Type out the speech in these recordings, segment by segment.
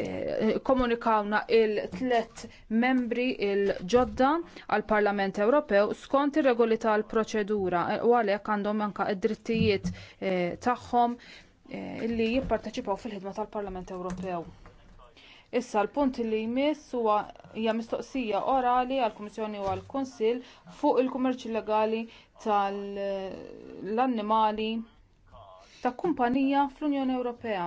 Eh, komunikawna il-tlet membri il-ġodda għall parlament Ewropew skont ir-regoli tal-proċedura eh, u għalhekk għandhom anke id-drittijiet eh, tagħhom illi jipparteċipaw fil-ħidma tal-Parlament Ewropew. Issa l-punt li jmiss huwa hija mistoqsija orali għall kummissjoni u għall kunsill fuq il-kummerċ illegali tal-annimali ta' kumpanija fl-Unjoni Ewropea.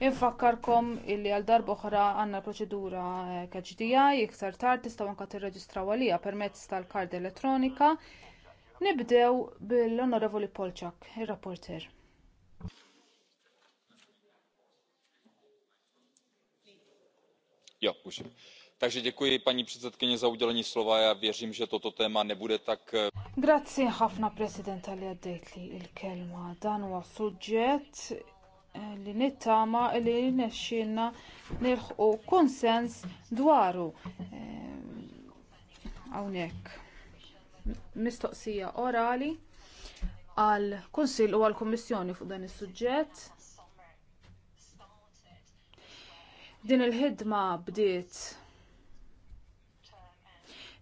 Infakkarkom illi għal darba oħra għandna proċedura eh, KHDI, iktar tard tistgħu anke tirreġistraw għalija permezz tal-kard elettronika. Nibdew bil-Onorevoli Polċak, ir-rapporter. Jo, puším. Takže děkuji paní předsedkyně za udělení slova. Já věřím, že toto téma nebude tak... Eh, Grazie ħafna President li addejtli il-kelma. Dan huwa suġġett Eh, li nittama li nexxilna nilħqu konsens dwaru eh, hawnhekk. Mistoqsija orali għal kunsill u għal kummissjoni fuq dan is-suġġett. Din il-ħidma bdiet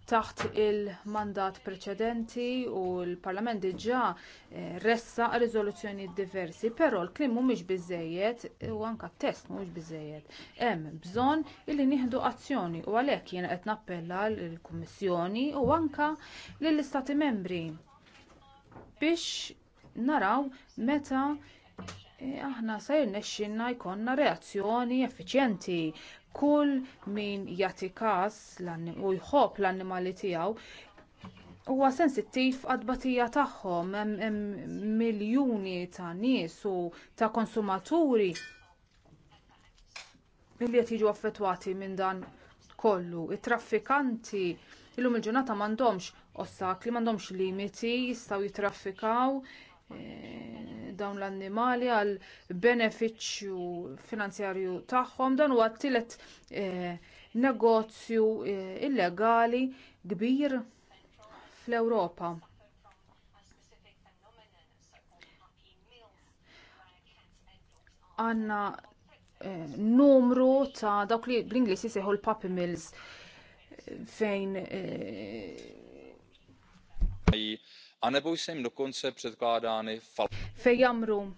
taħt il-mandat preċedenti u l-Parlament diġà eh, ressa riżoluzzjonijiet diversi, però l-klim mhumiex biżżejjed u anke t-test mhuwiex biżżejjed. Hemm bżonn illi nieħdu azzjoni u għalhekk jiena qed nappella lill-Kummissjoni u anke lill-Istati Membri biex naraw meta eh, aħna se jirnexxinna jkollna reazzjoni effiċjenti Kull min jagħti każ u jħobb l-annimali tiegħu huwa sensittiv għad-batija tagħhom hemm miljuni ta' nies u ta' konsumaturi li qed jiġu affettwati minn dan kollu. It-traffikanti illum il-ġurnata m'għandhomx ostakli, m'għandhomx limiti, jistgħu jitraffikaw Eh, dawn l-annimali għal beneficju finanzjarju tagħhom dan huwa tielet eh, negozju eh, illegali kbir fl-Ewropa. Għanna numru ta' dawk li bl-Ingliż jisejħu l-puppy mills fejn anebo koncept se dokonce předkládány Fej jamru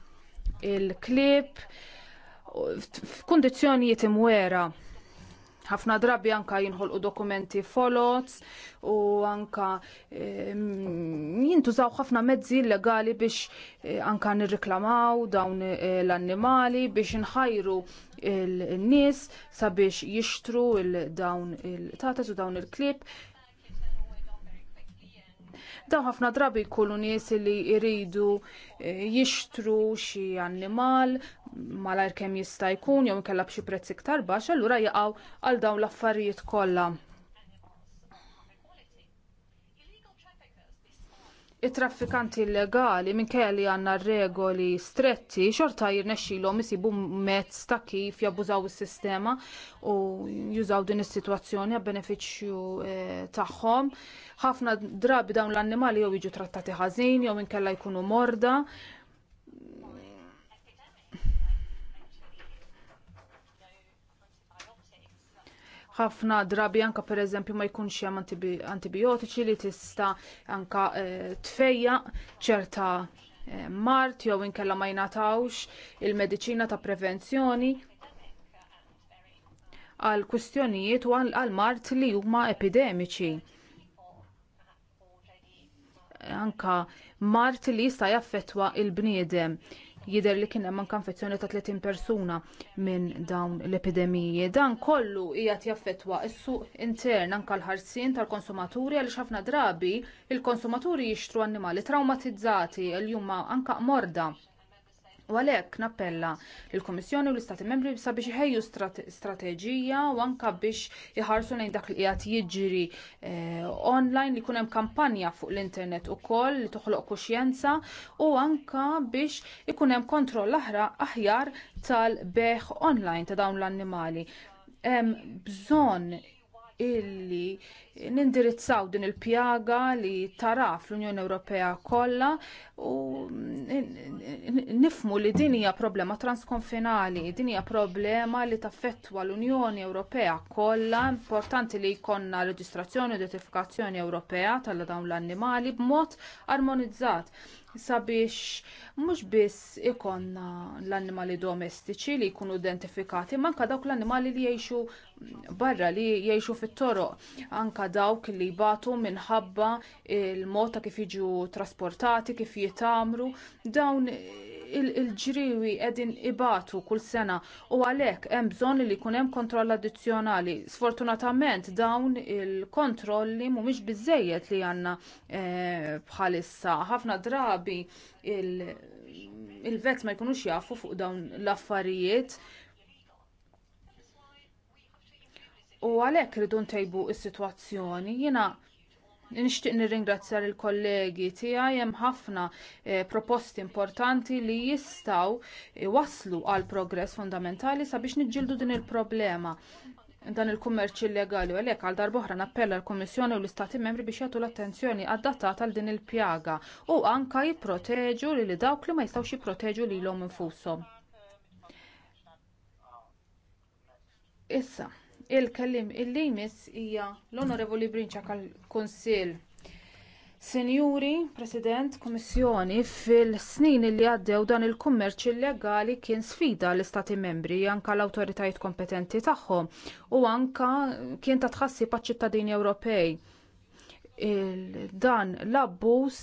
il-klib f'kundizzjonijiet imwera. Ħafna drabi anka jinħolqu dokumenti folots u anka jintużaw ħafna mezzi illegali biex eh, anka nirriklamaw dawn eh, l-annimali biex nħajru n-nies sabiex jixtru il dawn il-tatas u dawn il klip Daw ħafna drabi jkunu nies li jridu eh, jixtru xi annimal malajr kemm jista' jkun jew inkella b'xi prezz iktar baxx, allura jaqgħu għal dawn l-affarijiet kollha. it-traffikanti illegali minkejja li għandna regoli stretti xorta jirnexxilhom isibu mezz ta' kif jabbużaw is-sistema u jużaw din is-sitwazzjoni għal benefiċċju eh, tagħhom. Ħafna drabi dawn l-annimali jew jiġu trattati ħażin jew minkella jkunu morda ħafna drabi anka pereżempju ma jkunx hemm antibiotiċi li tista anka eh, tfejja ċerta eh, mart jew inkella ma jingħatawx il-mediċina ta' prevenzjoni għal kwistjonijiet u għal mart li huma epidemiċi. Anka mart li jista' jaffettwa l bniedem jidher li kien hemm konfezzjoni ta' 30 persuna minn dawn l-epidemiji. Dan kollu hija jaffettwa s-suq intern anke l-ħarsien tal-konsumaturi għaliex ħafna drabi il-konsumaturi jixtru annimali traumatizzati li huma anke morda U għalhekk nappella lill-Kummissjoni u l-Istati Membri sabiex iħejju strateġija u anke biex iħarsu lejn dak li qiegħed jiġri eh, online li jkun hemm kampanja fuq l-internet ukoll li toħloq kuxjenza u anke biex ikun hemm kontroll aħjar tal-beħ online ta' dawn l-annimali. Hemm bżonn illi nindirizzaw din il-pjaga li taraf fl unjoni Ewropea kollha u nifmu li din hija problema transkonfinali, din hija problema li taffettwa l-Unjoni Ewropea kollha, importanti li jkollna reġistrazzjoni u identifikazzjoni Ewropea tal dawn l-annimali b'mod armonizzat sabiex mhux biss ikonna l-annimali domestiċi li jkunu identifikati, ma anke dawk l-annimali li jgħixu barra, li jgħixu fit-toroq, anka dawk li batu minħabba il mota kif jiġu trasportati, kif jitamru, dawn il-ġriwi edin qegħdin ibatu kull sena u għalhekk hemm bżonn li jkun hemm kontroll addizzjonali. Sfortunatament dawn il-kontrolli mhumiex biżejjed li għandna eh, bħalissa. Ħafna drabi il-vet ma jkunux jafu fuq dawn l-affarijiet u għalhekk iridu ntejbu s-sitwazzjoni jiena nixtieq nirringrazzjar il-kollegi tiegħi hemm ħafna eh, proposti importanti li jistgħu waslu għal progress fundamentali sabiex niġġieldu din il-problema dan il-kummerċ illegali u għalhekk għal darbohra nappella l-Kummissjoni u l-Istati Membri biex jagħtu l-attenzjoni adattata għal din il-pjaga u anke jipproteġu li dawk li ma jistgħux jipproteġu lilhom infushom. Issa, Il-kellim illi jmiss hija l-Onorevoli Brinċa għall-Kunsill. Sinjuri, President, Komissjoni, fil-snin li għaddew dan il-kummerċ illegali kien sfida l-Istati membri, anka l autoritajt kompetenti tagħhom u anka kien ta' tħassib għaċ-ċittadini Ewropej. Dan l-abbuż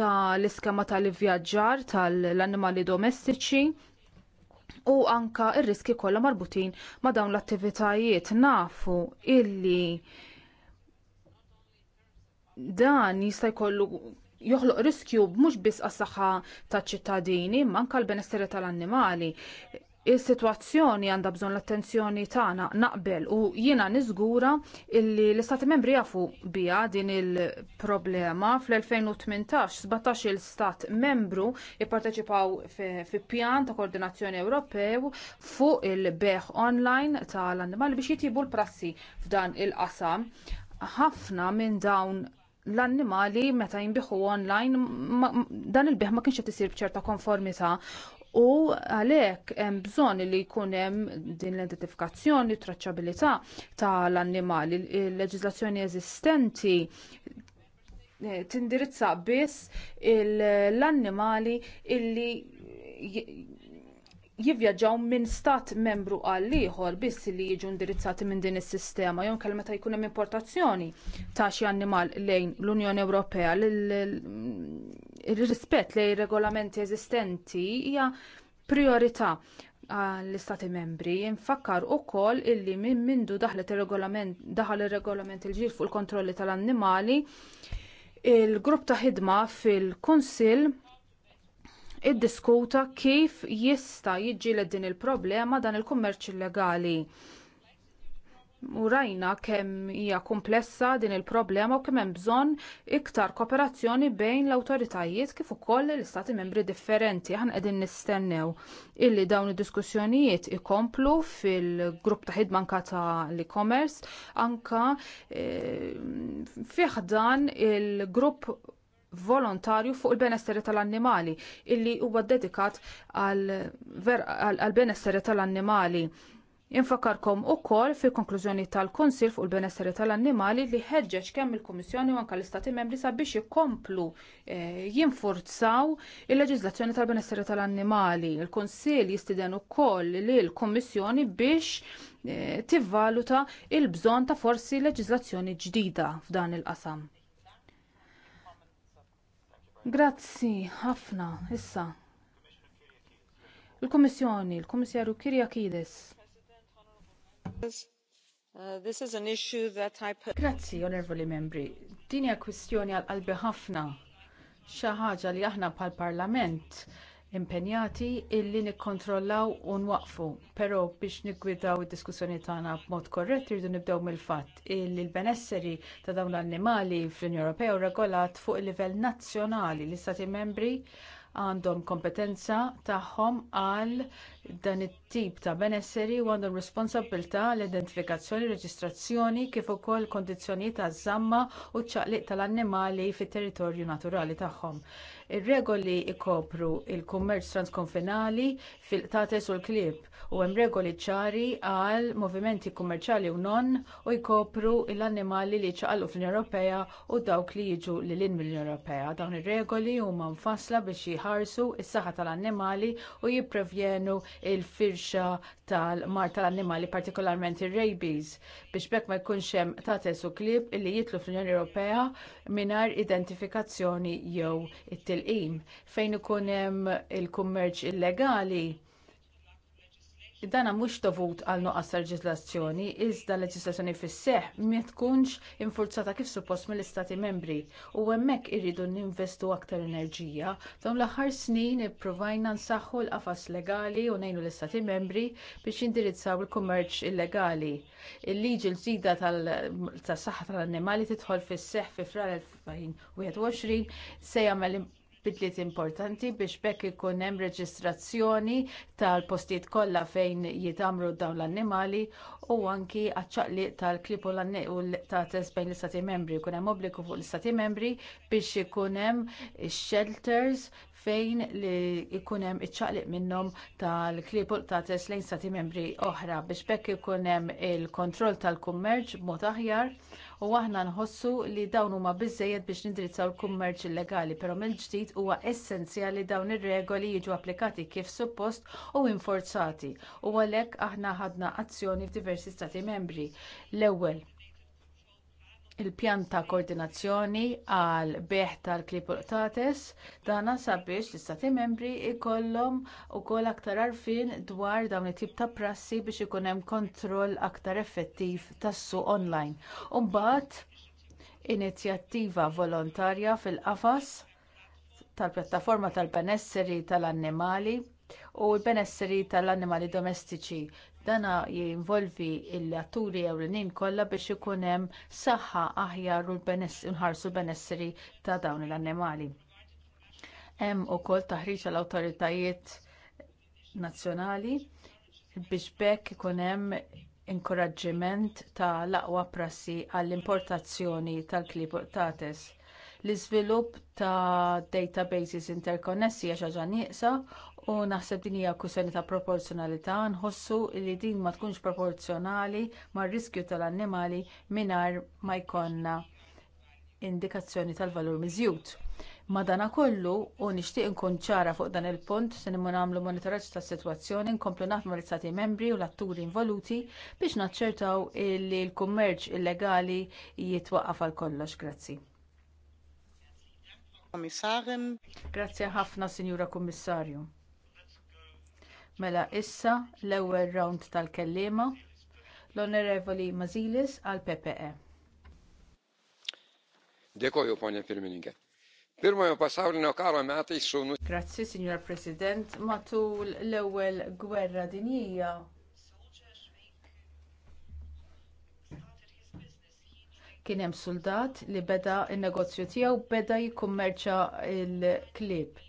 tal-iskema tal-ivvjaġġar tal-annimali domestiċi u anka r riski kollha marbutin ma' dawn l-attivitajiet nafu illi dan jista' jkollu joħloq riskju mhux biss għas-saħħa taċ-ċittadini, manka l-benesseri tal-annimali. Is-sitwazzjoni għandha bżonn l-attenzjoni tagħna naqbel u jiena niżgura illi l-istati membri jafu biha din il-problema fl-2018 17 il-stat membru ipparteċipaw fi pjan ta' koordinazzjoni Ewropew fuq il-beħ online tal-annimali biex jitibu l-prassi f'dan il-qasam. Ħafna minn dawn l-annimali meta jimbiħu online dan il beħ ma kienx qed isir b'ċerta konformità u għalhekk hemm bżonn li jkun hemm din l-identifikazzjoni, traċċabilità tal-annimali. Il-leġiżlazzjoni eżistenti eh, tindirizza biss l-annimali illi jivvjaġġaw minn stat membru għal ieħor biss li jiġu indirizzati minn din is-sistema jew kelma ta' jkun hemm importazzjoni ta' xi annimal lejn l-Unjoni Ewropea ir-rispett lejn regolamenti eżistenti hija priorità għall-istati membri. Infakkar wkoll illi minn mindu daħlet ir-regolament daħal ir-regolament il-ġir fuq il-kontrolli tal-annimali il-grupp ta' ħidma fil-Kunsill iddiskuta kif jista' jiġġieled din il-problema dan il-kummerċ illegali. U rajna kemm hija komplessa din il-problema u kemm hemm bżonn iktar kooperazzjoni bejn l-awtoritajiet kif ukoll l-istati membri differenti. Aħna qegħdin nistennew illi dawn id-diskussjonijiet ikomplu fil-grupp ta' ħidma anka ta' l-e-commerce anka e, fih dan il-grupp volontarju fuq il-benesseri tal-annimali illi huwa dedikat għal benesseri tal-annimali. Infakarkom ukoll fil-konklużjoni tal-Kunsil fuq il-benesseri tal-annimali li ħeġġeġ kemm il-Kummissjoni u anke l-Istati Membri sabiex ikomplu eh, jinfurzaw il-leġiżlazzjoni tal-benesseri tal-annimali. il kunsill jistiden ukoll li l-Kummissjoni biex eh, tivvaluta il-bżonn ta' forsi leġiżlazzjoni ġdida f'dan il-qasam. Grazzi ħafna issa. Il-Kummissjoni, il-Kummissarju Kirjakides. Uh, Grazzi, onorevoli membri. Din hija kwistjoni għal qalbi ħafna. Xi ħaġa li aħna pal Parlament impenjati illi nikkontrollaw u nwaqfu, però biex niggwidaw id-diskussjoni tagħna b'mod korrett irridu nibdew mill-fatt illi l-benesseri ta' dawn l-annimali fl-Unjoni Ewropea regolat fuq il-livell nazzjonali l-Istati membri għandhom kompetenza tagħhom għal dan it-tip ta' benesseri u għandhom responsabilità l-identifikazzjoni, reġistrazzjoni kif ukoll kondizzjonijiet ta' żamma u ċaqliq tal-annimali fit-territorju naturali tagħhom. Ir-regoli ikopru il-kummerċ transkonfinali fil qtates u l-klib u hemm regoli ċari għal movimenti kummerċali u non u jkopru l-annimali li ċaqallu fl-Unjoni Ewropea u dawk li jiġu lil lin mill-Unjoni Ewropea. Dawn ir-regoli huma mfassla biex jħarsu is-saħħa tal-annimali u jipprevjenu il-firxa tal-mar tal-annimali partikolarment ir-rabies biex bekk ma jkunx hemm tates u klib illi jitlu fl-Unjoni Ewropea mingħajr identifikazzjoni jew it il qim fejn ikun hemm il-kummerċ illegali dana mhux dovut għal nuqqas leġiżlazzjoni, iżda l-leġiżlazzjoni fis-seħ ma tkunx infurzata kif suppost mill-Istati membri u hemmhekk irridu ninvestu aktar enerġija. Dawn l-aħħar snin ippruvajna nsaħħu l-qafas legali u ngħinu l-Istati membri biex jindirizzaw il-kummerċ illegali. Il-liġi l-ġdida tas-saħħa tal-annimali tidħol fis-seħ fi frar 2021 se jagħmel bidliet importanti biex bekk ikun hemm reġistrazzjoni tal-postijiet kollha fejn jitamru dawn l-annimali u anki għaċċaqliq tal-klipu u l-tates bejn l-istati membri. Kun hemm obbligu fuq l-istati membri biex ikun hemm shelters fejn li ikun hemm iċċaqliq minnhom tal-klib tates lejn stati membri oħra biex bekk ikun hemm il-kontroll tal-kummerċ b'mod aħjar u aħna nħossu li dawn huma biżżejjed biex nindirizzaw il-kummerċ illegali, però mill-ġdid huwa essenzjali dawn ir-regoli jiġu applikati kif suppost u inforzati. u għalhekk aħna ħadna azzjoni f'diversi stati membri. L-ewwel il-pjan ta' koordinazzjoni għal beħ tal-klip tates dana sabiex l-istati membri jkollhom ukoll aktar arfin dwar dawn it-tip ta' prassi biex ikun hemm kontroll aktar effettiv tas-suq online. U mbagħad inizjattiva volontarja fil-qafas tal-pjattaforma tal-benesseri tal-annimali u l-benesseri tal-annimali domestiċi Dana jinvolvi l-atturi ewlenin kollha biex ikun hemm saħħa aħjar u nħarsu benesseri ta' dawn l-annimali. Hemm ukoll taħriġ għall awtoritajiet nazzjonali biex bekk ikun hemm inkoraġġiment ta' l-aqwa prassi għall-importazzjoni tal-klipotates l-iżvilupp ta' databases interkonnessi għax ħaġa nieqsa U naħseb din hija kwistjoni ta' proporzjonalità, nħossu li din ma tkunx proporzjonali mar riskju tal-annimali mingħajr ma jkollna indikazzjoni tal-valur miżjud. Madanakollu u nixtieq inkun ċara fuq dan il-punt se nimmu nagħmlu monitoraġġ tas-sitwazzjoni nkomplu naħdmu l-istati membri u l-atturi involuti biex naċċertaw li l-kummerċ illegali jitwaqqaf għal kollox. Grazzi. Grazzi ħafna, Sinjura Kummissarju. Mela issa l-ewwel round tal-kellima l-Onorevoli Mazilis għal PPE. Dekoju, ponja Pirmininke. Pirma jo passaw li nokaro meħati sunu. Grazzi, Signor President. Matul l-ewel gwerra dinija. Kien hemm soldat li beda n negozju tiegħu beda jikkummerċa l klieb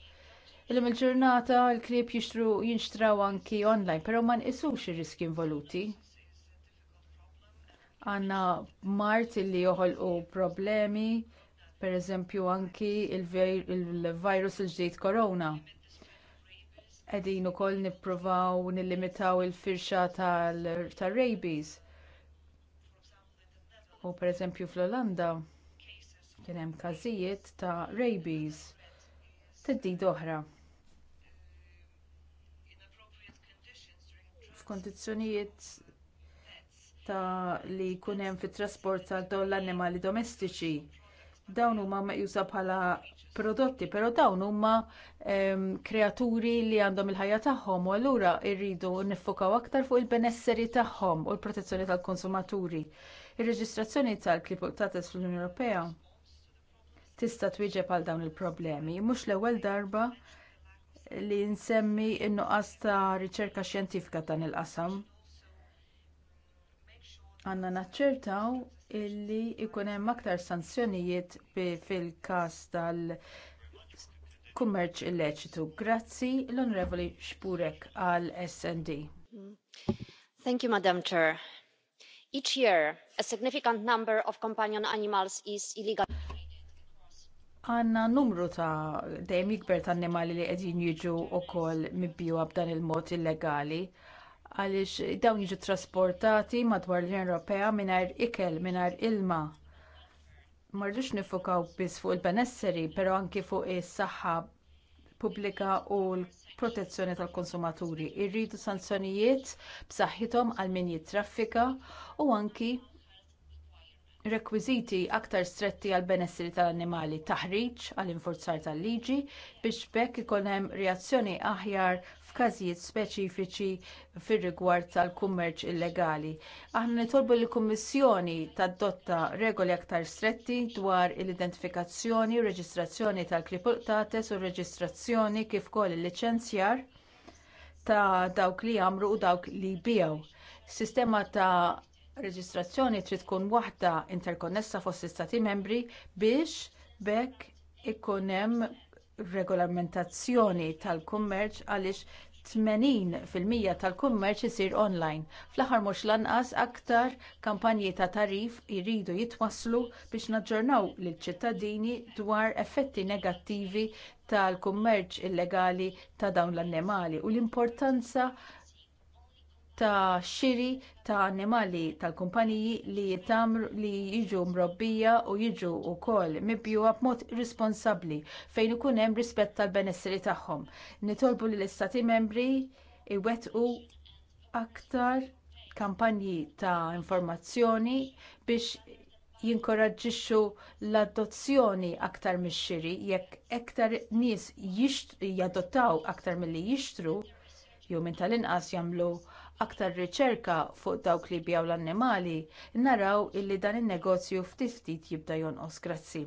Illum il-ġurnata l-klieb jixtru jinxtraw anki online, però ma nqisux ir-riski involuti. Għanna mart li joħolqu problemi, per eżempju anki il-virus il-ġdejt korona. Qegħdin ukoll nippruvaw nillimitaw il-firxa tal-rabies. U pereżempju fl-Olanda kien hemm każijiet ta' rabies. Tiddi oħra. f'kondizzjonijiet ta' li jkun hemm fit trasport għal dawn l-annimali domestiċi. Dawn huma meqjusa bħala prodotti, però dawn huma ehm, kreaturi li għandhom il-ħajja tagħhom u allura rridu niffokaw aktar fuq il-benesseri tagħhom u l-protezzjoni tal-konsumaturi. Ir-reġistrazzjoni tal-klib tates fl-Unjoni Ewropea tista' twieġeb għal dawn il-problemi. Mhux l-ewwel darba li nsemmi in nuqqas ta' riċerka xjentifika ta' il-qasam. Għanna naċċertaw illi ikun hemm aktar sanzjonijiet fil-każ tal- kummerċ illeċitu. Grazzi l-Onorevoli Xpurek għal SND. Thank you, Madam Chair. Each year, a significant number of companion animals is illegal għanna numru ta' dejjem jikber ta' annimali li qegħdin jiġu wkoll mibjuha b'dan il-mod illegali għaliex dawn jiġu trasportati madwar l-Unjoni Ewropea mingħajr ikel, mingħajr ilma. Marrux nifukaw biss fuq il-benesseri, però anki fuq is-saħħa pubblika u l-protezzjoni tal-konsumaturi. Irridu sanzjonijiet b'saħħithom għal min jittraffika u anki rekwiżiti aktar stretti għall benessri tal-annimali taħriġ għall infurzar tal-liġi biex bekk ikun hemm reazzjoni aħjar f'każijiet speċifiċi fir-rigward tal-kummerċ illegali. Aħna nitolbu lill kummissjoni tadotta regoli aktar stretti dwar l-identifikazzjoni u reġistrazzjoni tal-klipultates u reġistrazzjoni kif ukoll il-liċenzjar ta' dawk li jagħmlu u dawk li jbijaw sistema ta' reġistrazzjoni trid tkun waħda interkonnessa fost istati membri biex bekk ikun hemm regolamentazzjoni tal-kummerċ għaliex 80% tal-kummerċ isir online. Fl-aħħar mhux lanqas aktar kampanji ta' tarif jridu jitwasslu biex naġġornaw lill ċittadini dwar effetti negattivi tal-kummerċ illegali ta' dawn l-annimali u l-importanza ta' xiri ta' annimali tal-kumpaniji li jitamru li jiġu mrobbija u jiġu wkoll mibjuwa b'mod responsabli fejn ikun hemm rispett tal-benesseri tagħhom. Nitolbu lill istati membri iwettqu aktar kampanji ta' informazzjoni biex jinkoraġġixxu l-adozzjoni aktar mix-xiri jekk aktar nies jadottaw aktar milli jixtru jew minn tal-inqas jagħmlu aktar riċerka fuq dawk li bjaw l-annimali, naraw illi dan in-negozju ftit jibda jonqos grazzi.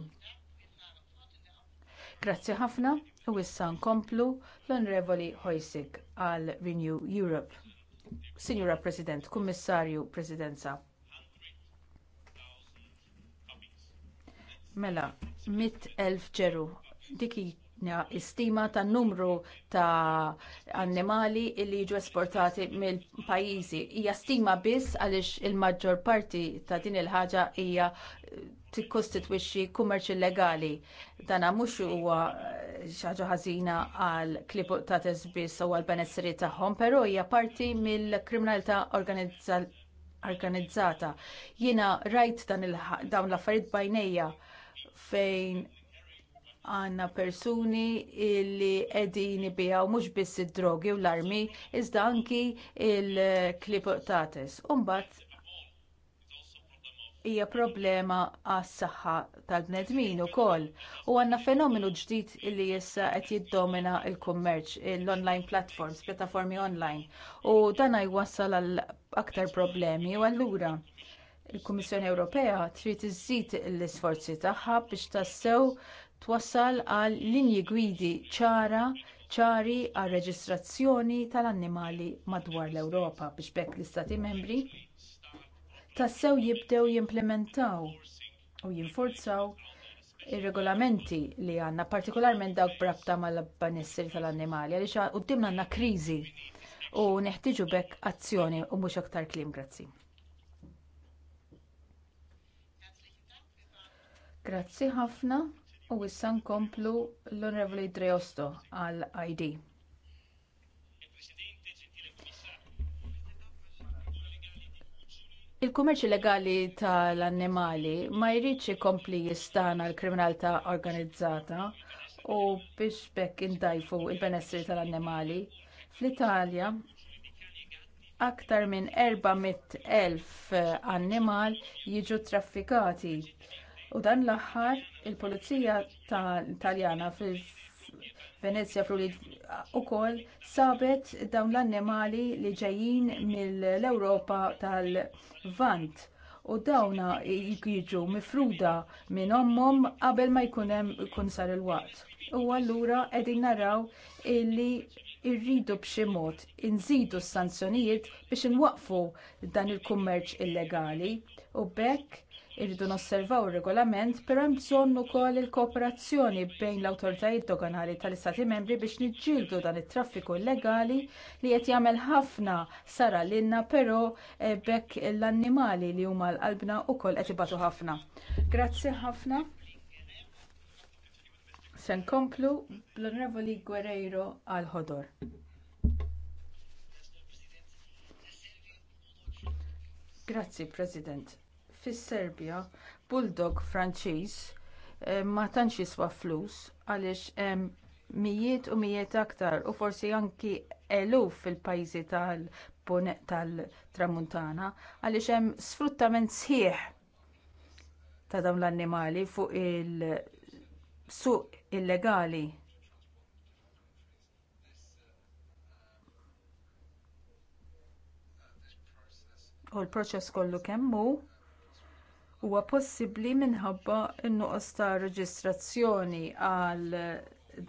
Grazzi ħafna u issa nkomplu l-Onrevoli Hoysik għal Renew Europe. Signora President, Kummissarju Presidenza. Mela, mit elf ġeru, dik istima ta' numru ta' annimali li jiġu esportati mill pajjiżi Hija stima biss għaliex il-maġġor parti ta' din il-ħaġa hija eh, tikkostitwixxi kummerċ illegali. Dana mhux huwa eh, xaġa ħażina għal klipu ta' biss u għal benessri tagħhom, però hija parti mill-kriminalità organizzata. Jiena rajt dawn l-affarijiet bajnejja fejn għanna persuni li edin ibijaw mux biss id-drogi u l-armi, iżda anki il-klipotates. Umbat hija problema għas-saħħa tal-bnedmin ukoll. U għandna fenomenu ġdid li issa qed jiddomina l-kummerċ, l-online platforms, pjattaformi online. U dan jwassal għal aktar problemi u allura il-Kummissjoni Ewropea trid iżżid l-isforzi tagħha biex tassew twassal għal linji gwidi ċara ċari għal reġistrazzjoni tal-annimali madwar l-Ewropa biex bekk l-Istati membri tassew jibdew jimplementaw u jinforzaw ir-regolamenti li għandna partikolarment dawk brabta mal-banissir tal-annimali għaliex qudiemna għandna kriżi u neħtieġu bekk azzjoni u mhux aktar kliem grazzi. Grazzi ħafna. U issa nkomplu l-Onorevoli Dreosto għal ID. Il-kummerċ legali tal-annimali ma jridx ikompli jistana l-kriminalità organizzata u biex bekk indajfu l benessri tal-annimali. Fl-Italja, aktar minn 400.000 eh, annimal jiġu traffikati U dan l-aħħar il-Pulizija Taljana fil Venezia u ukoll sabet dawn l-annimali li ġejjin mill-Ewropa tal-Vant u dawna jiġu mifruda minn ommhom qabel ma jkun hemm sar il-waqt. U allura qegħdin naraw illi irridu b'xi mod inżidu s-sanzjonijiet biex inwaqfu dan il-kummerċ illegali u bekk irridu nosservaw ir regolament, però hemm bżonn ukoll il-kooperazzjoni bejn l-awtoritajiet doganali tal-Istati membri biex niġġieldu dan it-traffiku illegali li qed jagħmel ħafna sara lilna però bekk l-annimali li huma l-qalbna wkoll qed ibatu ħafna. Grazzi ħafna. Se nkomplu bl-Onorevoli Guerreiro għal ħodor. Grazzi, President Fis-Serbja, bulldog Franċiż eh, ma tantx jiswa flus għaliex hemm mijiet u mijiet aktar u forsi anki eluf fil-pajjiżi tal-Tramuntana għaliex hemm sfruttament sħiħ ta' dawn l-annimali fuq il-suq illegali. U l-proċess kollu kemmu huwa possibbli minħabba n-nuqqas ta' reġistrazzjoni għal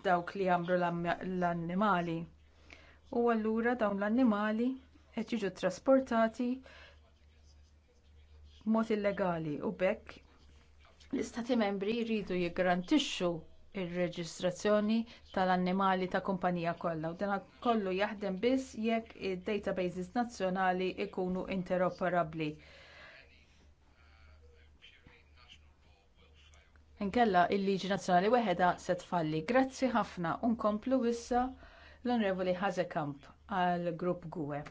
dawk li jagħmlu l-annimali. U allura dawn l-annimali qed jiġu trasportati b'mod illegali u b'hekk l-istati membri jridu jiggarantixxu ir-reġistrazzjoni tal-annimali ta' kumpanija kollha u dan kollu jaħdem biss jekk id-databases nazzjonali jkunu interoperabbli. Inkella il-Liġi Nazzjonali weħeda se tfalli. Grazzi ħafna unkomplu issa l-Onorevoli Hazekamp għal Grupp GUE.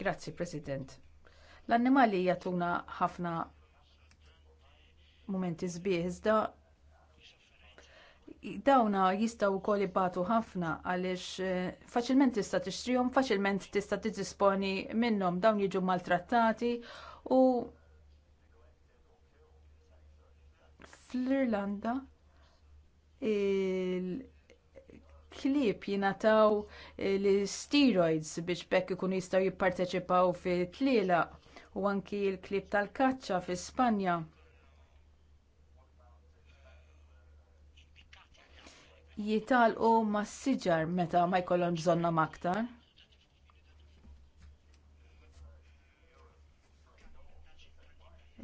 Grazzi, President. L-annimali jagħtuna ħafna mumenti zbieħ iżda dawna jistaw kol ibbatu ħafna għalix eh, faċilment tista tixtrihom, faċilment tista tiddisponi minnhom dawn jiġu maltrattati u fl-Irlanda il klieb jingħataw eh, l-steroids biex bekk ikun jistgħu jipparteċipaw fil-tlielaq u anki l klip tal-kaċċa fi Spanja. jitalqu mas siġar meta ma jkollhom bżonna aktar.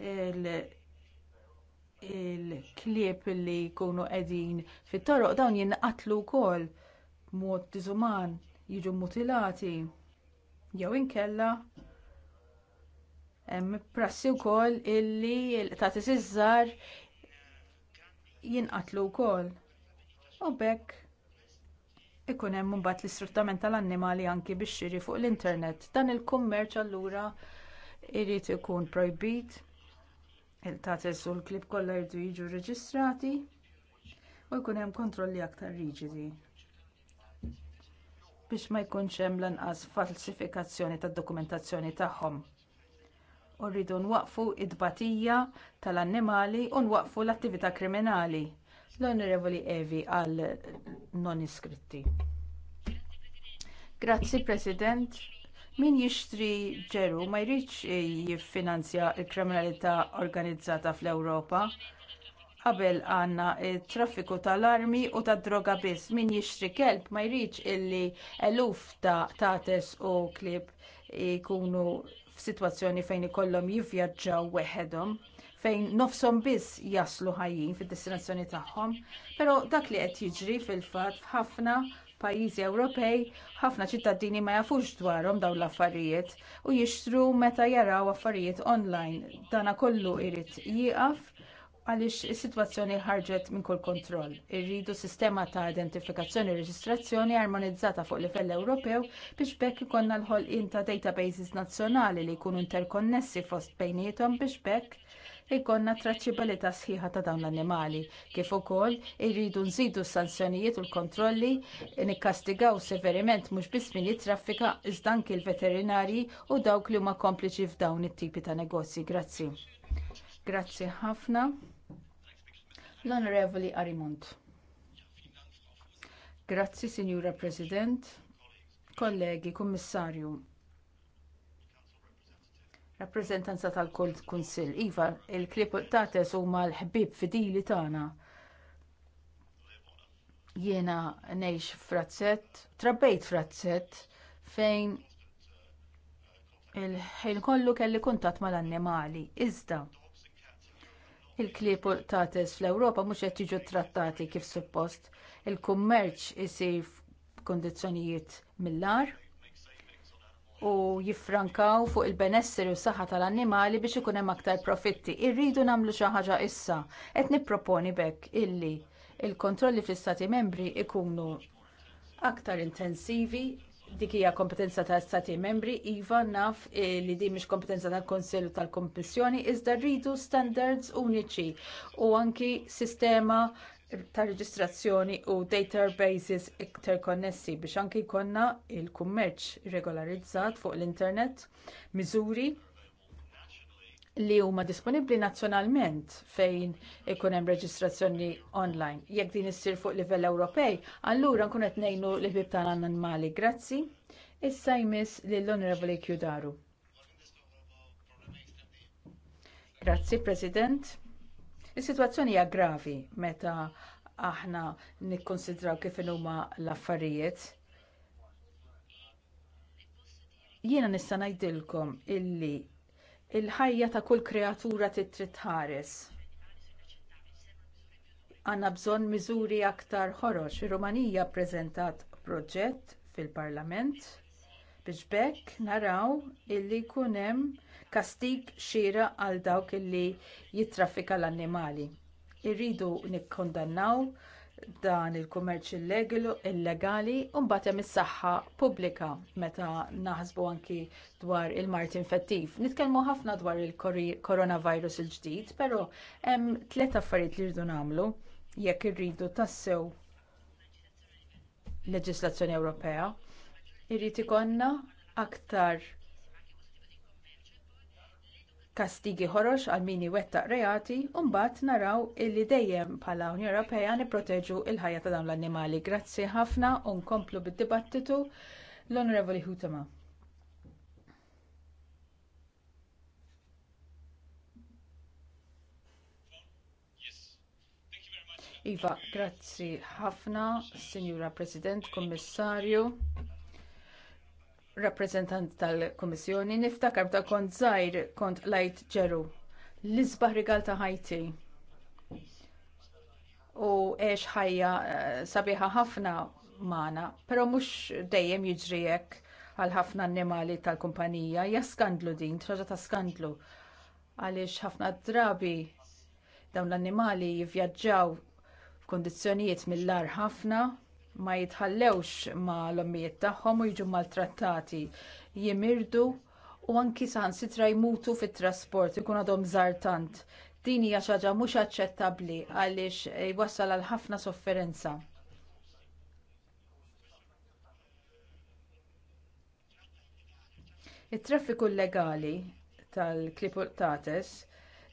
il-klieb il li jkunu qegħdin fit-toroq dawn jinqatlu wkoll b'mod diżuman jiġu mutilati jew inkella hemm prassi wkoll illi ta' tisiżżar jinqatlu wkoll u bekk ikun hemm mbagħad l-isfruttament tal-annimali anki biex xiri fuq l-internet. Dan il-kummerċ allura irid ikun projbit il-tatels u l-klib kollha jridu jiġu rreġistrati u jkun hemm kontrolli aktar riġidi biex ma jkunx hemm lanqas falsifikazzjoni tad-dokumentazzjoni tagħhom. U rridu nwaqfu t tbatija tal-annimali u nwaqfu l-attività kriminali l-Onorevoli Evi għal non iskritti. Grazzi President. Min jixtri ġeru ma jridx jiffinanzja l kriminalità organizzata fl-Ewropa qabel għandna t traffiku tal-armi u tad droga biss. Min jixtri kelb ma jridx illi eluf ta' tates u klieb jkunu f'sitwazzjoni fejn ikollhom jivvjaġġaw weħedhom fejn nofsom biss jaslu ħajjin fid-destinazzjoni tagħhom, però dak li qed jiġri fil-fatt f'ħafna pajjiżi Ewropej, ħafna ċittadini ma jafux dwarhom dawn l-affarijiet u jixtru meta jaraw affarijiet online. Dana kollu jrid jieqaf għaliex is-sitwazzjoni ħarġet minn kull kontroll. Irridu sistema ta' identifikazzjoni u reġistrazzjoni armonizzata fuq livell Ewropew biex bekk ikonna l-ħolqien ta' databases nazzjonali li jkunu interkonnessi fost bejniethom biex bekk ikonna traċċibilità sħiħa ta' dawn l-annimali. Kif ukoll irridu nżidu s-sanzjonijiet u l-kontrolli nikkastigaw severiment mhux biss min jitraffika iżda anki l-veterinari u dawk li huma kompliċi f'dawn it-tipi ta' negozji. Grazzi. Grazzi ħafna. L-Onorevoli Arimont. Grazzi, Signora President, kollegi, Kummissarju rappreżentanza tal-Kolt Kunsill. Iva, il-klip tates huma l-ħbib fidili tagħna. Jiena ngħix frazzett, trabbejt frazzett fejn il-ħin kollu kelli kuntatt mal-annimali. Iżda, il-klieb tates fl-Ewropa mhux qed jiġu trattati kif suppost. Il-kummerċ isir f'kundizzjonijiet mill-ar u jiffrankaw fuq il-benesseri u s-saħħa tal-annimali biex ikun hemm aktar profitti. Irridu nagħmlu xi ħaġa issa. Qed nipproponi bekk illi il-kontrolli fl-istati membri ikunu aktar intensivi dik hija kompetenza tal stati membri, iva naf eh, li di mhix kompetenza tal-Konsillu tal-Kommissjoni, iżda rridu standards uniċi u anki sistema ta' reġistrazzjoni u databases iktar konnessi biex anki jkollna l kummerċ regolarizzat fuq l-internet, miżuri li huma disponibbli nazzjonalment fejn ikun hemm reġistrazzjoni online. Jekk din issir fuq livell Ewropej, allura nkun qed ngħinu l ħbib tagħna annimali. Grazzi. Issa jmiss lill-Onorevoli Kjudaru. Grazzi, President. Is-sitwazzjoni hija gravi meta aħna nikkonsidraw kif huma l-affarijiet. Jiena nista' ngħidilkom illi il-ħajja ta' kull kreatura titrid ħares. Għanna bżonn miżuri aktar ħoroġ. Ir-Rumanija ppreżentat proġett fil-Parlament biex bekk naraw illi jkun hemm kastig xira għal dawk li jittraffika l-annimali. Irridu nikkondannaw dan il-kummerċ illegali u mbagħad hemm is-saħħa pubblika meta naħsbu anki dwar il-mart infettiv. Nitkellmu ħafna dwar il-coronavirus il-ġdid, però hemm tliet affarijiet li rridu nagħmlu jekk irridu tassew leġislazzjoni Ewropea. Irrid ikollna aktar kastigi ħorox għal min iwettaq reati u mbagħad naraw illi dejjem bħala Unjoni Ewropea nipproteġu l ħajja ta' dawn l-annimali. Grazzi ħafna u nkomplu bid-dibattitu l-Onorevoli Hutema. Iva, grazzi ħafna, Sinjura President, Kommissarju rappresentant tal-Komissjoni niftakar ta' kont żgħir kont lajt ġeru l-isbaħ rigal ta' ħajti u għex ħajja eh, sabiħa ħafna magħna, però mhux dejjem jġrijek għal ħafna annimali tal-kumpanija, hija skandlu din, traġa ta' skandlu. Għaliex ħafna drabi dawn l-annimali jivvjaġġaw f'kundizzjonijiet mill-lar ħafna ma jitħallewx ma l-ommijiet tagħhom u jiġu maltrattati, jimirdu u anki saħansitra jmutu fit-trasport ikun għadhom tant. Din hija xi ħaġa mhux aċċettabbli għaliex eh, jwassal għal ħafna sofferenza. it traffiku legali tal-klipultates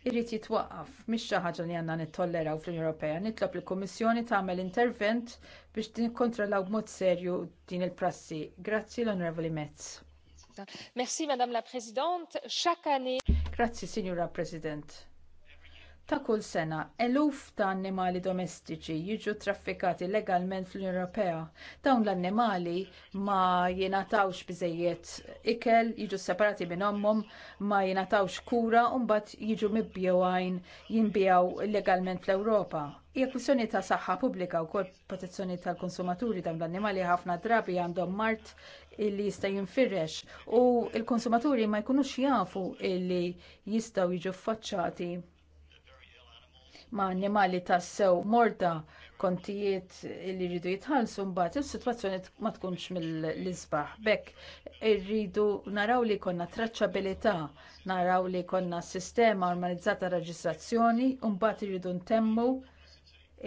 irrid jitwaqqaf mhix xi ħaġa li għandna nittolleraw fl-Unjoni Ewropea. Nitlob il-Kummissjoni tagħmel intervent biex tikkontrollaw b'mod serju din il-prassi. Grazzi l-Onorevoli Metz. Merci Madame la Présidente. Chaque année Grazzi Signora President ta' kull sena eluf ta' annimali domestiċi jiġu traffikati legalment fl-Unjoni Ewropea. Dawn l-annimali ma jingħatawx biżejjed ikel, jiġu separati minn omhom, ma jingħatawx kura u mbagħad jiġu mibjewajn jinbijaw legalment fl-Ewropa. Hija kwistjoni ta' saħħa pubblika wkoll protezzjoni tal-konsumaturi dawn l-annimali ħafna drabi għandhom mart illi jista' jinfirex u l konsumaturi ma jkunux jafu illi jistgħu jiġu faċċati ma' ta' sew morta kontijiet li jridu jitħallsu mbagħad is-sitwazzjoni ma tkunx mill-isbaħ. Bekk irridu naraw li jkollna traċċabilità, naraw li jkollna sistema organizzata reġistrazzjoni u mbagħad irridu ntemmu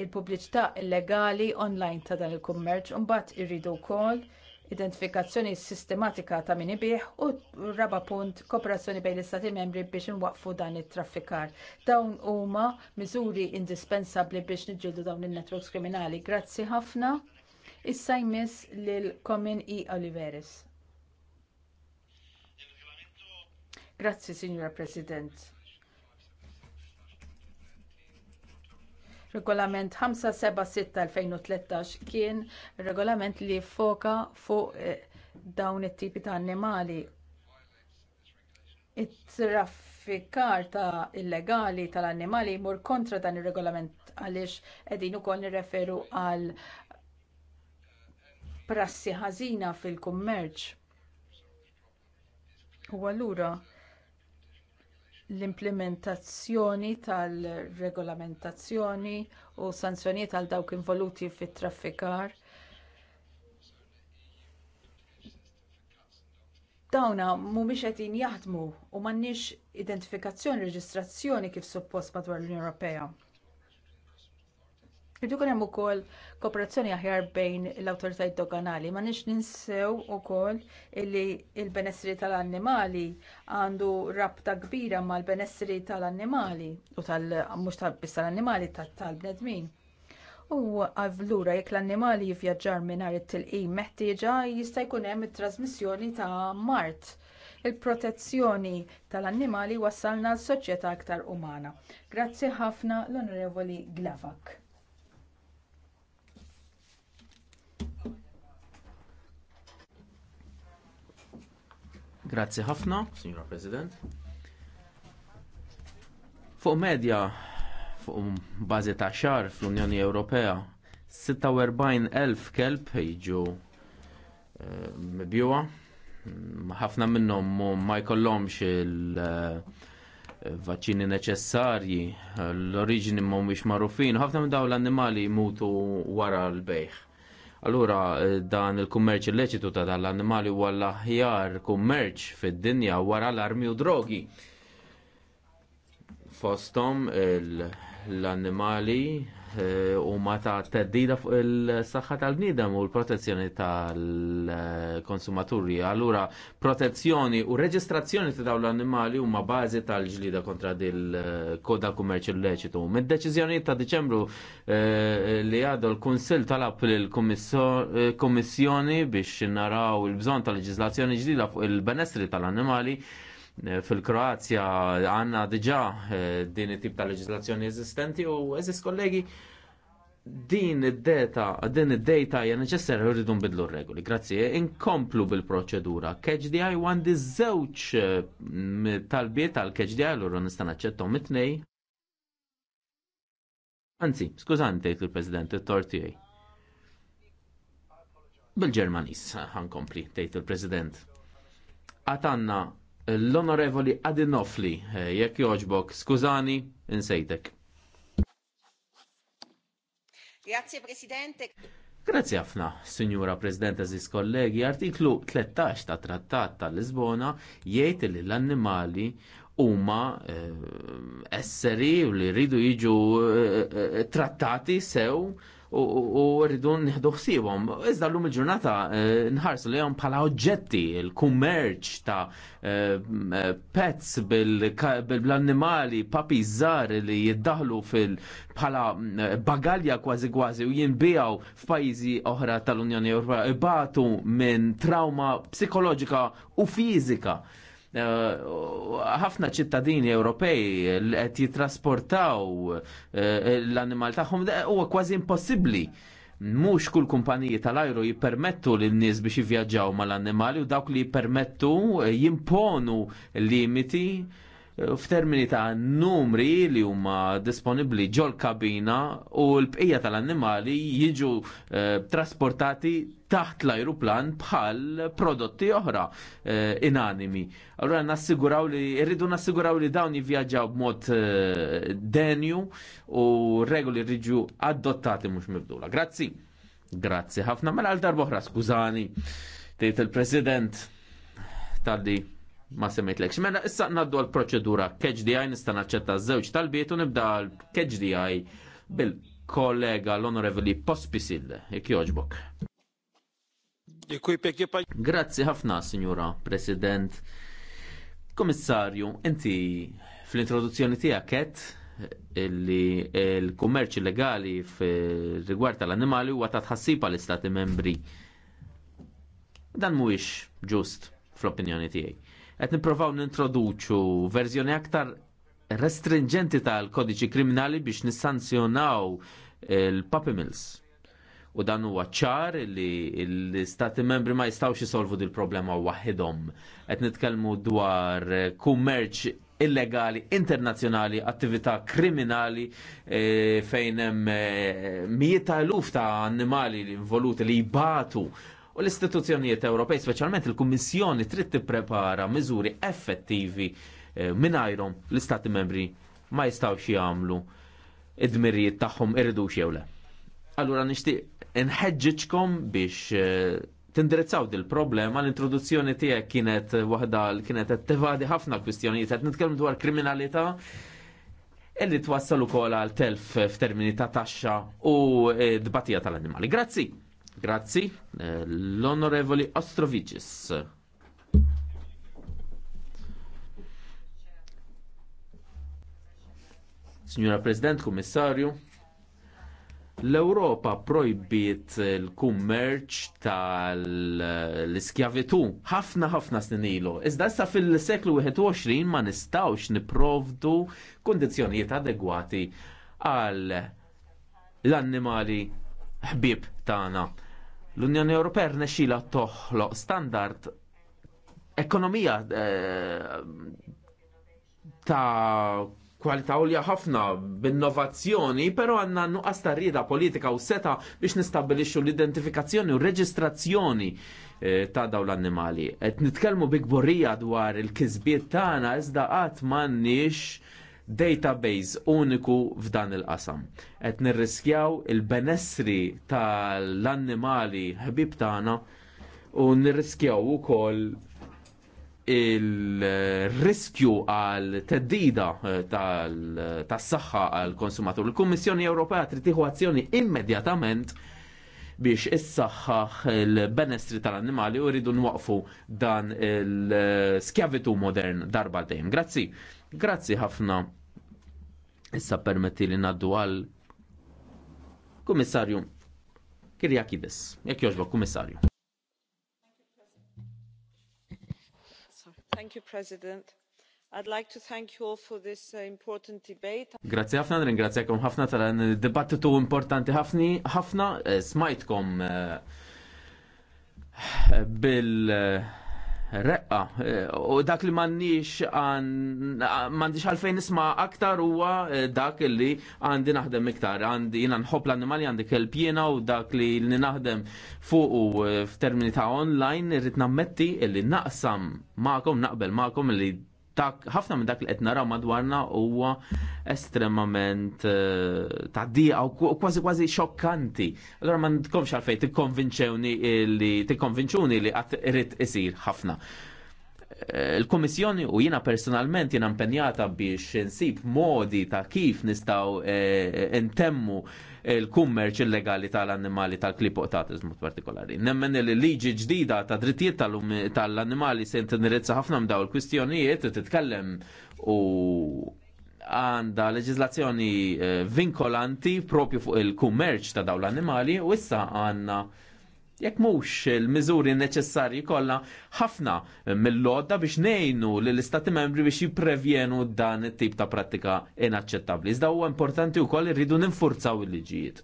il-pubbliċità illegali online ta' dan il-kummerċ u mbagħad irridu wkoll identifikazzjoni sistematika ta' min ibih u raba punt kooperazzjoni bejn l-istati membri biex inwaqfu dan it-traffikar. Dawn huma miżuri indispensabbli biex niġġieldu dawn in-networks kriminali. Grazzi ħafna. Issa jmiss lil Komin i e. Oliveris. Grazzi, Signora President Regolament 576-2013 kien regolament li foka fuq eh, dawn it-tipi ta' annimali. It-traffikar ta' illegali tal-annimali jmur kontra dan ir regolament għaliex qegħdin ukoll nirreferu għal prassi ħażina fil-kummerċ. U allura l-implementazzjoni tal-regolamentazzjoni u sanzjonijiet għal dawk involuti fit-traffikar. Dawna mhumiex qegħdin jaħdmu u m'għandniex identifikazzjoni reġistrazzjoni kif suppost madwar l-Unjoni Ewropea. Irdu kunem u kol kooperazzjoni aħjar bejn l-autoritajt doganali, ma nix ninsew u kol illi il-benessri tal-annimali għandu rabta kbira ma l-benessri tal-annimali u tal-mux tal-bis tal-annimali tal-bnedmin. U għavlura jek l-annimali jivjaġġar minar it-tilqim meħtieġa jista' jkun hemm it-trasmissjoni ta' mart il-protezzjoni tal-annimali wassalna l-soċjetà aktar umana. Grazzi ħafna l-Onorevoli Glavak. Grazzi ħafna, Signora President. Fuq medja, fuq bażi ta' xar fl-Unjoni Ewropea, 46.000 kelb jiġu eh, mibjuwa. Ħafna minnhom ma jkollhomx il-vaċċini eh, neċessarji, l-oriġini mhumiex magħrufin, ħafna minn dawn l-annimali mutu wara l-bejħ Allura eh, dan il-kummerċ illeċitu ta' dan l-annimali huwa l-aħjar kummerċ fid-dinja wara l-armi u drogi. Fostom l-annimali Eh, u ma ta' teddida fuq il-saxħa tal-bnidem u l-protezzjoni tal-konsumaturi. Allura, protezzjoni u reġistrazzjoni ta' dawn l-annimali huma bażi tal-ġlida kontra dil-koda kummerċu leċitu. mid deċizjoni ta' Diċembru eh, li għadu l-Kunsil talab l-Kommissjoni eh, biex naraw il-bżon tal-leġislazzjoni ġdida fuq il-benessri tal-annimali Eh, fil-Kroazja għanna diġa eh, din it-tip ta' leġislazzjoni eżistenti u eżis kollegi din id-data, din id-data hija neċessarju rridu nbidlu regoli. Grazie inkomplu bil-proċedura. KHDI għandi żewġ eh, talbiet tal-KHDI l għurru nista' naċċettom mitnej. Anzi, skużante, il-President it-tortijaj. bil għan kompli, tgħid il-President. Għatanna L-Onorevoli Adinofli, eh, jekk joġbok, skużani, insejtek. Grazie Presidente. Grazie ħafna, Signora Presidente Ziz kollegi, artiklu 13 ta' Trattat ta' Lisbona jgħid li l-annimali huma eh, esseri u li rridu jiġu eh, trattati sew u rridu nieħdu xsibom. Iżda llum il-ġurnata eh, nħarsu għom bħala oġġetti, il-kummerċ ta' eh, eh, pets bil-annimali, papi zzar li jiddaħlu fil bħala bagalja kważi kważi u jinbijaw f'pajjiżi oħra tal-Unjoni Ewropea ibatu minn trauma psikoloġika u fizika Eh, ħafna ċittadini Ewropej li qed jitrasportaw eh, l-animal tagħhom eh, huwa kważi impossibbli. Mhux kull kumpaniji tal-ajru jippermettu lin nies biex jivvjaġġaw mal-annimali u dawk li jippermettu jimponu limiti f'termini ta' numri li huma disponibbli ġol kabina u l-bqija tal-annimali jiġu uh, trasportati taħt l-ajruplan bħal prodotti oħra uh, inanimi. Allora nassiguraw li, irridu nassiguraw li dawn jivvjaġġaw b'mod uh, denju u regoli rriġu adottati mhux mibdula. Grazzi. Grazzi ħafna. Mela għal darboħra, skużani, tgħid il-President tal-li ma lekx. Mela issa naddu għal proċedura KHDI nista' naċċetta żewġ tal-biet u nibda l KHDI bil-kollega l-Onorevoli Pospisil, jekk joġbok. Grazzi ħafna, Signora President. Komissarju, inti fl-introduzzjoni tiegħek kett eh, illi l-kummerċ il illegali rigward tal-annimali huwa ta' tħassib l istati membri. Dan mhuwiex ġust fl-opinjoni tiegħi qed nippruvaw nintroduċu verżjoni aktar restringenti tal-kodiċi kriminali biex nissanzjonaw il-puppy mills. U dan huwa ċar li l-istati membri ma jistawx jisolvu dil problema waħidhom. Qed nitkellmu dwar kummerċ illegali, internazzjonali, attività kriminali e, fejn hemm e, mijiet ta' eluf ta' annimali involuti li jbatu U l-istituzzjonijiet Ewropej, speċjalment il-Kummissjoni, trid tipprepara miżuri effettivi eh, mingħajrhom l-Istati membri ma jistgħux jagħmlu id-dmirijiet tagħhom iridux jew le. Allura nixtieq inħeġġiġkom biex eh, tindirizzaw dil problema l-introduzzjoni tiegħek kienet waħda li kienet qed tevadi ħafna kwistjonijiet qed nitkellmu dwar kriminalità illi twassal ukoll għal telf f'termini ta' taxxa u eh, dbatija tal-annimali. Grazzi. Grazzi, eh, l-Onorevoli Ostrovicis. Signora President, Commissario, l-Europa projbiet l-kummerċ tal-iskjavitu ħafna ħafna snin ilu. Iżda issa fil-seklu 21 ma nistawx niprovdu kondizjonijiet adegwati għal l-annimali ħbib tagħna. L-Unjoni Ewropea rnexxila toħloq standard ekonomija eh, ta' kwalità għolja ħafna b'innovazzjoni, però għanna nuqqas ta' rieda politika u seta biex nistabilixxu l-identifikazzjoni u reġistrazzjoni eh, ta' dawn l-annimali. Et nitkellmu bikborija dwar il-kizbiet tagħna iżda qatt m'għandniex database uniku f'dan il-qasam. Qed nirriskjaw il-benessri tal-annimali ħbib tagħna u nirriskjaw ukoll il-riskju għal teddida eh, tas-saħħa għal konsumatur. Il-Kummissjoni Ewropea trid tieħu azzjoni immedjatament biex issaħħaħ il-benestri tal-annimali u rridu nwaqfu dan il-skjavitu eh, modern darba dejjem. Grazzi. Grazzi ħafna. Issa permetti li naddu għal Kummissarju Kirjakides. Jek joġba, Kummissarju. Thank you, President. I'd like to thank you all for this uh, important debate. Grazie ħafna, ringrazzjakom ħafna tal-dibattitu importanti ħafni, ħafna eh, smajtkom eh, bil- uh, reqqa. U dak li mannix mandiċ għalfejn nisma aktar huwa eh, dak li għandi naħdem iktar. Għandi jina nħob l-annimali għandi kelpjena u dak li li naħdem fuq u eh, f'termini ta' online irrid nammetti li naqsam ma'kom naqbel ma'kom li dak ħafna minn dak li qed naraw madwarna huwa estremament eh, ta' diqa u kważi kważi xokkanti. Allora ma ntkomx għalfejn tikkonvinċewni li tikkonvinċuni li qatt irid isir ħafna. Eh, Il-Komissjoni u jina personalment jina impenjata biex nsib modi ta' kif nistaw eh, intemmu e, il-kummerċ illegali tal-annimali tal-klipotatizmu partikolari. Nemmen il-liġi ġdida ta' drittijiet tal-annimali se nirizza ħafna mdaw il-kwistjonijiet titkellem u għanda leġizlazzjoni eh, vinkolanti propju fuq il-kummerċ ta' daw l-annimali u issa għanna Jekk mhux il-miżuri neċessarji kollha ħafna mill-lodda biex ngħinu lill istati membri biex jipprevjenu dan it-tip ta' prattika inaċċettabbli. Iżda huwa importanti wkoll irridu ninfurzaw il-liġijiet.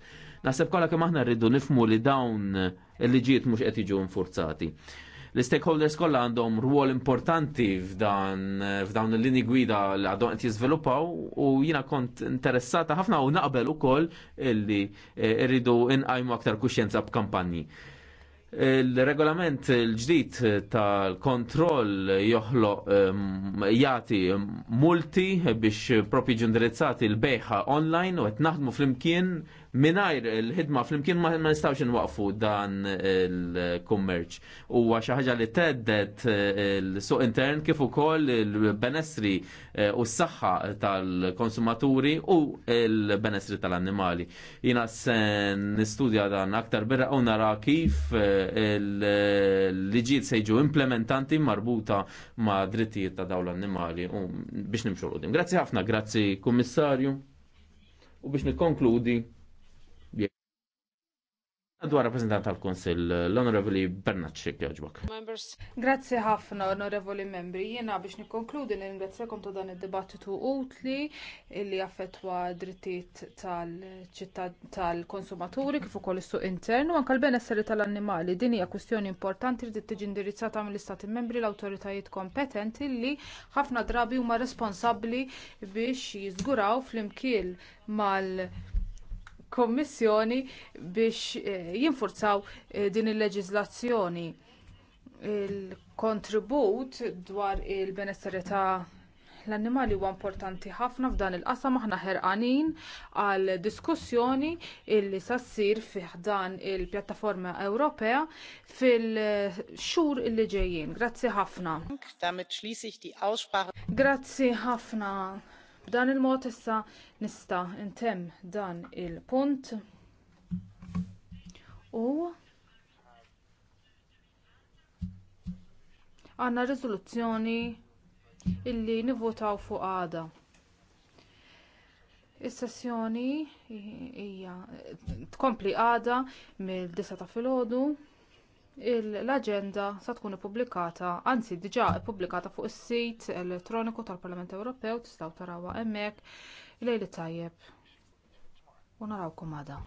Naħseb kollha kemm aħna rridu nifmu li dawn il-liġijiet mhux qed jiġu infurzati l-stakeholders kollha għandhom rwol importanti f'dan f'dawn il-lini gwida li għadhom qed jiżviluppaw u jiena kont interessata ħafna u naqbel ukoll illi eh, rridu inqajmu aktar kuxjenza b'kampanji. Il-regolament l-ġdid tal-kontroll joħlo ehm, jati multi biex propi ġindirizzati l-beħa online u għet naħdmu fl-imkien Minajr il-ħidma fl-imkien ma nistawx nwaqfu dan il-kummerċ. U xi ħaġa li teddet eh, il-suq intern kif ukoll il-benessri eh, u s-saħħa tal-konsumaturi u il-benessri tal-annimali. Jina sen nistudja dan aktar birra u nara kif eh, il-liġijiet sejġu implementanti marbuta ma drittijiet ta' daw l-annimali u biex nimxu l Grazzi ħafna, grazzi kummissarju. U biex nikkonkludi Dwar rappresentant tal-Konsil, l-Onorevoli Xek, Members, Grazie ħafna, onorevoli membri. Jena biex nikonkludi li ringrazzjakom ta' dan id-dibattitu utli li affettwa drittijiet tal-konsumaturi kif ukoll is-suq internu anke l-benesseri tal-annimali. Din hija kwistjoni importanti li tiġi indirizzata mill-Istati membri l-awtoritajiet kompetenti li ħafna drabi huma responsabbli biex jiżguraw flimkien mal- kommissjoni biex eh, jinfurzaw eh, din il-leġizlazzjoni. Il-kontribut dwar il-benessere ta' l-annimali huwa importanti ħafna f'dan il-qasam aħna ħerqanin għal diskussjoni illi sassir fih dan il-pjattaforma Ewropea fil-xhur illi ġejjin. Grazzi ħafna. Grazzi ħafna. B'dan il-mod issa nista' ntemm dan il-punt u għandna riżoluzzjoni illi nivvotaw fuq għada. Is-sessjoni hija tkompli għada mill-9 ta' filgħodu l-aġenda sa tkun ippubblikata, anzi diġà ippubblikata fuq is-sit elettroniku tal-Parlament Ewropew tistgħu tarawha hemmhekk lejli tajjeb. U narawkom għada.